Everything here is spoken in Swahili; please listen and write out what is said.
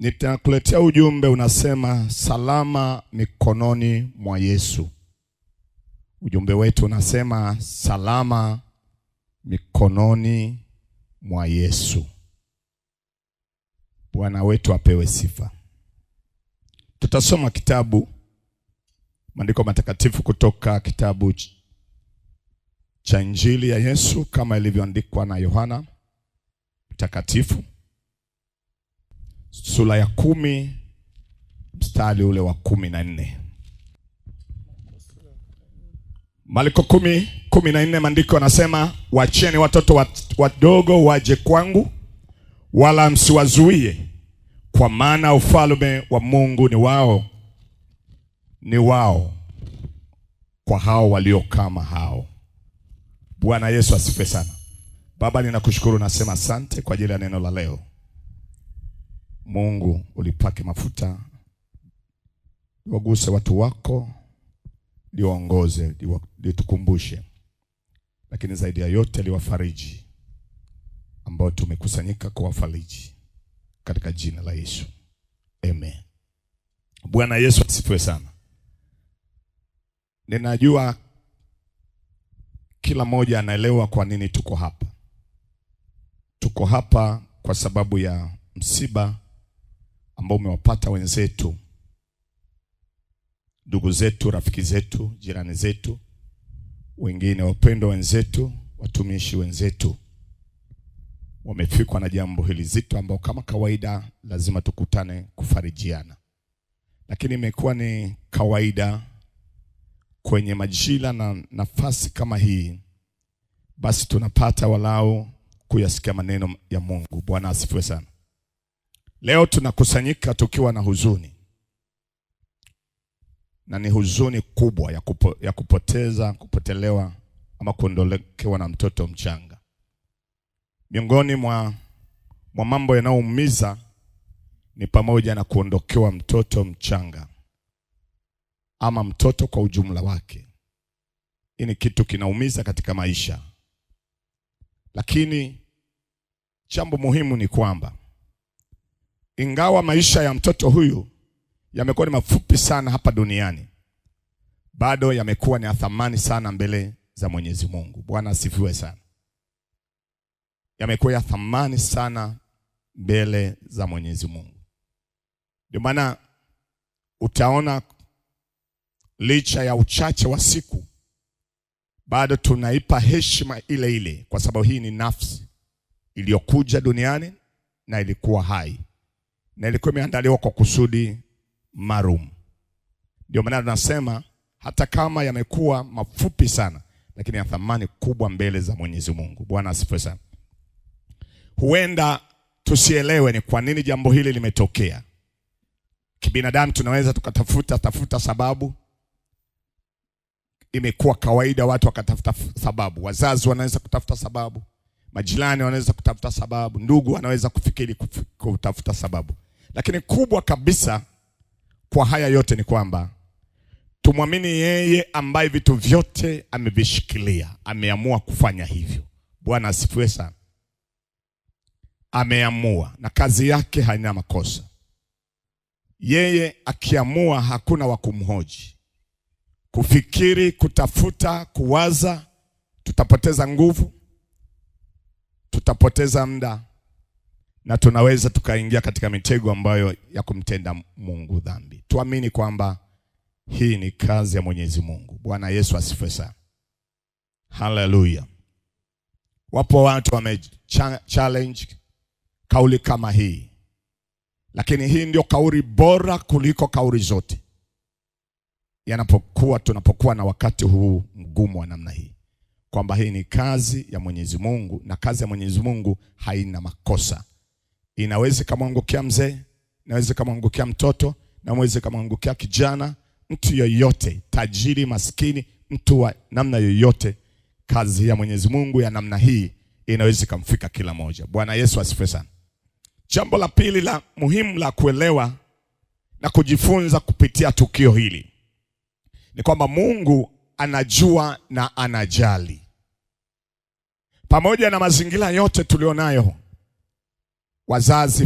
nitakuletea ujumbe unasema salama mikononi mwa Yesu. Ujumbe wetu unasema salama mikononi mwa Yesu. Bwana wetu apewe sifa. Tutasoma kitabu maandiko matakatifu kutoka kitabu cha Injili ya Yesu kama ilivyoandikwa na Yohana mtakatifu sura ya kumi mstari ule wa kumi na nne Maliko kumi kumi na nne maandiko anasema, wacheni watoto wadogo waje kwangu, wala msiwazuie, kwa maana ufalme wa Mungu ni wao, ni wao kwa hao walio kama hao. Bwana Yesu asife sana. Baba, ninakushukuru nasema asante kwa ajili ya neno la leo. Mungu ulipake mafuta, liwaguse watu wako, liwaongoze, litukumbushe, lakini zaidi ya yote liwafariji ambao tumekusanyika kuwafariji katika jina la Yesu, amen. Bwana Yesu asifiwe sana. Ninajua kila mmoja anaelewa kwa nini tuko hapa. Tuko hapa kwa sababu ya msiba ambao umewapata wenzetu, ndugu zetu, rafiki zetu, jirani zetu, wengine wapendwa wenzetu, watumishi wenzetu, wamefikwa na jambo hili zito, ambao kama kawaida lazima tukutane kufarijiana, lakini imekuwa ni kawaida kwenye majira na nafasi kama hii, basi tunapata walau kuyasikia maneno ya Mungu. Bwana asifiwe sana. Leo tunakusanyika tukiwa na huzuni, na ni huzuni kubwa ya, kupo, ya kupoteza kupotelewa ama kuondolewa na mtoto mchanga. Miongoni mwa, mwa mambo yanayoumiza ni pamoja na kuondokewa mtoto mchanga ama mtoto kwa ujumla wake. Hii ni kitu kinaumiza katika maisha, lakini jambo muhimu ni kwamba ingawa maisha ya mtoto huyu yamekuwa ni mafupi sana hapa duniani, bado yamekuwa ni thamani sana mbele za Mwenyezi Mungu. Bwana asifiwe sana. Yamekuwa ya thamani sana mbele za Mwenyezi Mungu. Ndio maana utaona licha ya uchache wa siku bado tunaipa heshima ile ile, kwa sababu hii ni nafsi iliyokuja duniani na ilikuwa hai na ilikuwa imeandaliwa kwa kusudi maalum. Ndio maana tunasema hata kama yamekuwa mafupi sana, lakini ya thamani kubwa mbele za Mwenyezi Mungu. Bwana asifiwe sana. Huenda tusielewe ni kwa nini jambo hili limetokea. Kibinadamu tunaweza tukatafuta tafuta sababu. Imekuwa kawaida watu wakatafuta sababu, wazazi wanaweza kutafuta sababu, majirani wanaweza kutafuta sababu, ndugu wanaweza kufikiri kutafuta sababu lakini kubwa kabisa kwa haya yote ni kwamba tumwamini yeye ambaye vitu vyote amevishikilia, ameamua kufanya hivyo. Bwana asifiwe sana. Ameamua na kazi yake haina makosa. Yeye akiamua hakuna wa kumhoji. Kufikiri, kutafuta, kuwaza, tutapoteza nguvu, tutapoteza muda na tunaweza tukaingia katika mitego ambayo ya kumtenda Mungu dhambi. Tuamini kwamba hii ni kazi ya Mwenyezi Mungu. Bwana Yesu asifiwe sana. Haleluya. Wapo watu challenge kauli kama hii, lakini hii ndio kauli bora kuliko kauli zote yanapokuwa tunapokuwa na wakati huu mgumu wa namna hii, kwamba hii ni kazi ya Mwenyezi Mungu na kazi ya Mwenyezi Mungu haina makosa. Inaweza ikamwangukia mzee, inaweza ikamwangukia mtoto, inaweza ikamwangukia kijana, mtu yoyote, tajiri, maskini, mtu wa namna yoyote. Kazi ya Mwenyezi Mungu ya namna hii inaweza ikamfika kila moja. Bwana Yesu asifiwe sana. Jambo la pili la muhimu la kuelewa na kujifunza kupitia tukio hili ni kwamba Mungu anajua na anajali. Pamoja na mazingira yote tulionayo, wazazi